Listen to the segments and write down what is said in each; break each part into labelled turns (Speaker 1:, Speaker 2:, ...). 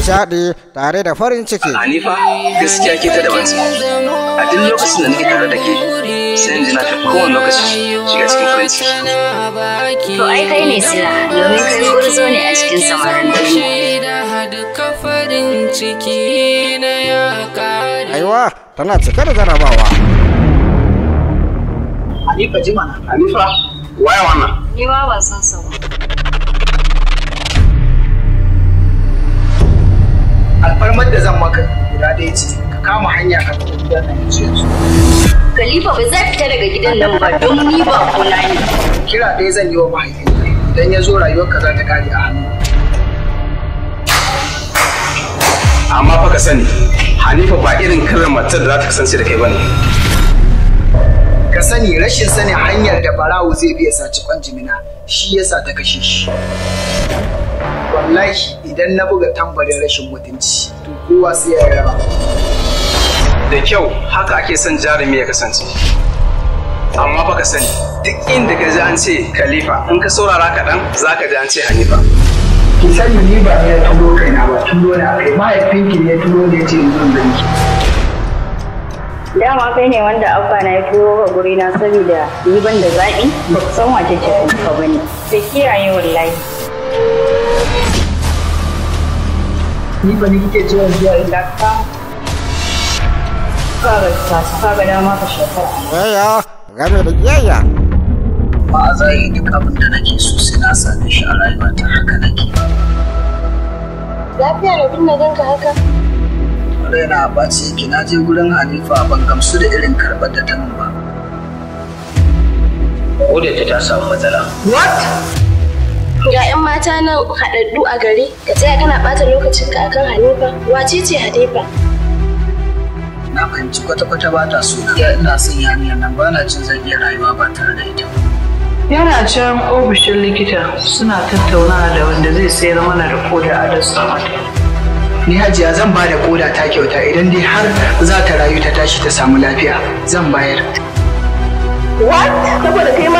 Speaker 1: nishaɗi tare da farin ciki. Hanifa gaskiya ke ta daban a duk lokacin da nake tare da ke sai in ji na tafi. kowane lokaci shiga cikin farin ciki. To ai kai ne sila domin kai gurzo ne a cikin samarin duniya. Aiwa tana cika da jarabawa. Hanifa jimana. Hanifa waya wannan. Ni ba wasan san alfarmar da zan maka guda ɗaya ce ka kama hanya ka fita gidan nan yanzu yanzu. Khalifa ba zai fita daga gidan nan ba don ni ba kuna ne. Kira dai zan yi wa mahaifinka idan ya zo rayuwarka za ta kare a hannu. Amma fa ka sani Hanifa ba irin kallon matar da za ta kasance da kai ba ne. Ka sani rashin sani hanyar da Barawu zai biya saci cikon jimina shi yasa ta kashe shi. wallahi idan na buga tambarin rashin mutunci to kowa sai ya yaba da kyau haka ake son jarumi ya kasance amma baka sani duk inda ka ji an ce khalifa in ka saurara kaɗan za ka ji an ce hanifa ki sani ni ba ya tulo kaina ba tulo na kai mahaifinki ne tulo ne ce in zan ganki dama kai ne wanda abba na ya turo ga guri na saboda ni ban da zaɓi ba san wace ce ba ne da kiyaye wallahi ni ba ni kike cewa jiya illa ka ka ta ka ga dama shekara yaya game da yaya ba za yi duk abin da nake so sai na same shi a rayuwa ta haka nake lafiya da bin na ganka haka raina ba ce ki na je gurin Hanifa ban gamsu da irin karɓar da ta min ba. Kodayata ta samu matsala. What? ga 'yan mata nan haɗaɗɗu a gari ka tsaya kana ɓata lokacin ka akan hanifa wace ce hanifa na fahimci kwata-kwata ba ta so ya ina son yarinyar nan ba na jin zan iya rayuwa ba tare da ita yana can ofishin likita suna tattaunawa da wanda zai sayar mana da koda a dasa mata ni hajiya zan ba da koda ta kyauta idan dai har za ta rayu ta tashi ta samu lafiya zan bayar what saboda kai ma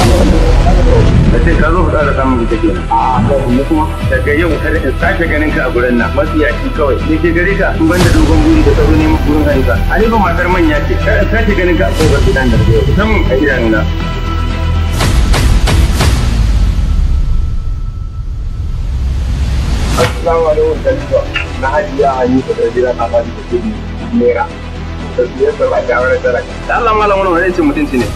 Speaker 1: na ce ka zo ka ƙara samun ita ke nan kuma daga yau kada ka sake ganin ka a gurin nan yaki kawai ne ke gare ka in banda dogon guri da tsaro neman gurin hannunka ani ba matar manya ce kada ka sake ganin ka a kogar gidan da ke musamman a idanuna Assalamu alaikum na hajiya a yi da gidan na bani da kudi nera. Da siyar da ba ta wani talaka. Da Allah malam wani wani ce mutunci ne.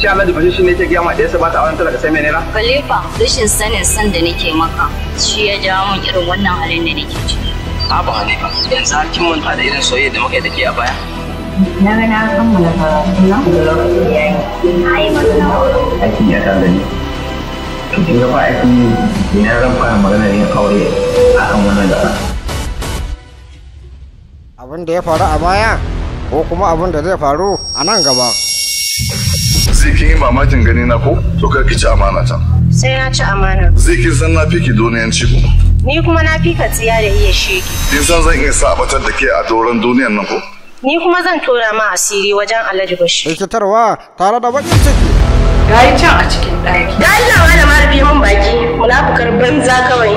Speaker 1: shi Allah dubashin shi ne ke gaya da yasa ba ta auren talaka sai menene Khalifa rashin sanin san da nake maka shi ya jawo min irin wannan halin da nake ciki Abu Hanifa yanzu har kin manta da irin soyayya da muka yi da ke a baya Na ga na kammala karatu na da lokaci yayi ai wannan aikin ya kan gani to kin ga ba aikin ne na ran fara magana yin aure a kan wannan gaba abin da ya faru a baya ko kuma abin da zai faru a nan gaba Zai kin yi mamakin gani na ko? To kar ki ci amana ta. Sai na ci amana. Zai kin san na fi ki ci ko? Ni kuma na fi ka tsiya da iya shege. Kin san zan iya sabatar da ke a doron duniyan nan ko? Ni kuma zan tura ma asiri wajen Alhaji Bashir. Rikitarwa tare da bakin ciki. Ga yi can a cikin ɗaki. Da Allah malama rufe mun baki munafukar banza kawai.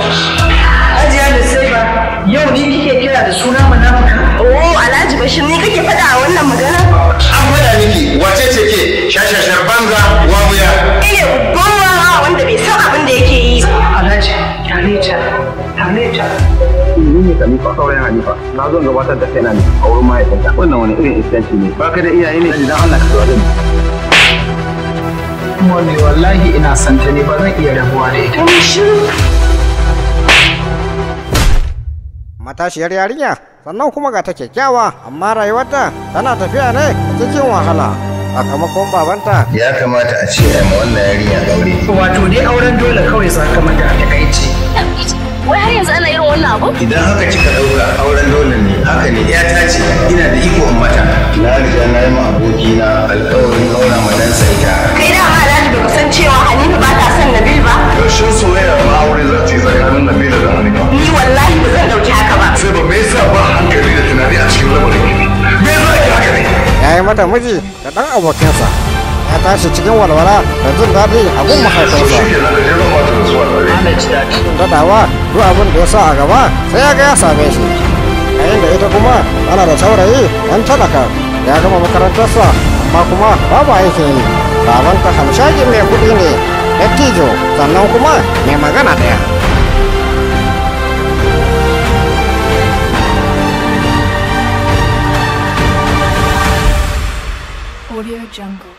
Speaker 1: Hajiya da sai ba. yau ni kike kira da suna munafuka oh alhaji bashir ni kake faɗa a wannan magana an faɗa miki wace ce ke shashashar banza wawuya ile eh, gowa wanda bai san abin da yake yi alhaji kyale ta kyale ta ni ne kami fa saurayin hanifa na zo gabatar da kaina ne a wurin mahaifinta wannan wani irin istanci ne ba ka da iyaye ne idan Allah ka tsawada kuma wallahi ina santa ne ba zan iya rabuwa da ita matashiyar yarinya sannan kuma ga ta kyakkyawa amma rayuwarta tana tafiya ne cikin wahala sakamakon babanta ya kamata a ce a wannan yarinya gauri wato dai auren dole kawai sakamakon a ce. wai har yanzu ana irin wannan abu idan haka kika dauka auren dole ne haka ne ya ta ce ina da iko mata game miji da ɗan abokinsa ya tashi cikin walwala da jin daɗi a gun mahaifinsa. Daɗawa duk abin da ya sa a gaba sai ya ga ya same shi. Yayin da ita kuma ana da saurayi ɗan talaka ya gama makarantarsa amma kuma babu aikin yi. Babanta hamshakin mai kuɗi ne, dattijo sannan kuma mai magana ɗaya. Audio Jungle.